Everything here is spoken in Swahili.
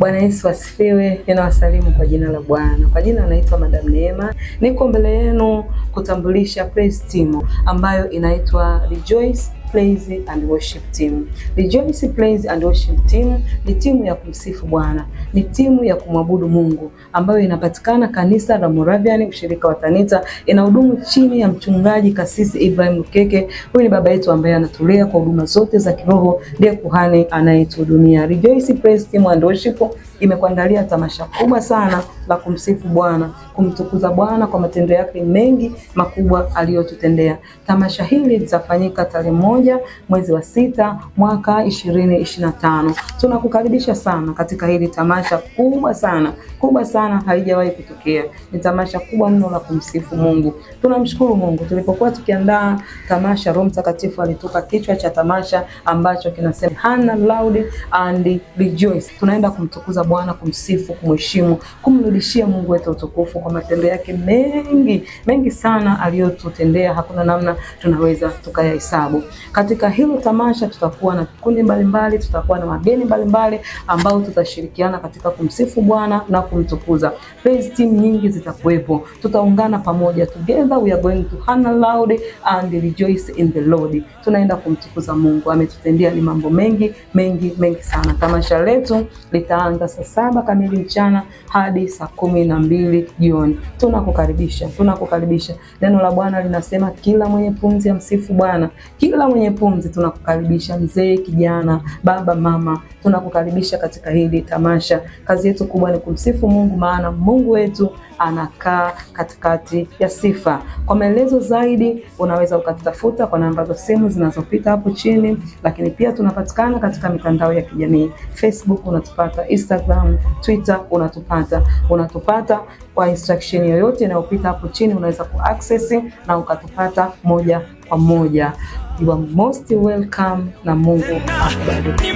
Bwana Yesu asifiwe. Ninawasalimu kwa jina la Bwana. Kwa jina anaitwa Madam Neema, niko mbele yenu kutambulisha praise team ambayo inaitwa Rejoice praise and worship team. Rejoice praise and worship team ni timu ya kumsifu Bwana, ni timu ya kumwabudu Mungu ambayo inapatikana kanisa la Moravian ushirika wa Tanita, inahudumu chini ya mchungaji kasisi Ibrahim Lukeke. Huyu ni baba yetu ambaye anatulea kwa huduma zote za kiroho, ndiye kuhani anayetuhudumia. Rejoice praise team and worship imekuandalia tamasha kubwa sana la kumsifu Bwana, kumtukuza Bwana kwa matendo yake mengi makubwa aliyotutendea. Tamasha hili litafanyika tarehe moja mwezi wa sita mwaka 2025. Tunakukaribisha sana katika hili tamasha kubwa sana kubwa sana, haijawahi kutokea. Ni tamasha kubwa mno la kumsifu Mungu. Tunamshukuru Mungu. Tulipokuwa tukiandaa tamasha, Roho Mtakatifu alitupa kichwa cha tamasha ambacho kinasema Hana Loud and Rejoice. Tunaenda kumtukuza Bwana, kumsifu, kumheshimu, kumrudishia Mungu wetu utukufu kwa matendo yake mengi mengi sana aliyotutendea, hakuna namna tunaweza tukayahesabu. Katika hilo tamasha tutakuwa na vikundi mbalimbali, tutakuwa na wageni mbalimbali ambao tutashirikiana katika kumsifu Bwana na kumtukuza. Praise team nyingi zitakuwepo, tutaungana pamoja. Together we are going to honor loud and rejoice in the Lord. Tunaenda kumtukuza Mungu, ametutendea ni mambo mengi mengi mengi sana. Tamasha letu litaanza saa saba kamili mchana hadi saa kumi na mbili jioni. Tunakukaribisha, tunakukaribisha. Neno la Bwana linasema kila mwenye pumzi ya msifu Bwana, kila mwenye kwenye pumzi, tunakukaribisha mzee, kijana, baba, mama, tunakukaribisha katika hili tamasha. Kazi yetu kubwa ni kumsifu Mungu, maana Mungu wetu anakaa katikati ya sifa. Kwa maelezo zaidi, unaweza ukatutafuta kwa namba za simu zinazopita hapo chini, lakini pia tunapatikana katika mitandao ya kijamii Facebook unatupata, Instagram, Twitter unatupata, unatupata kwa instruction yoyote inayopita hapo chini, unaweza kuaccess na ukatupata moja pamoja. You are most welcome na Mungu akubariki.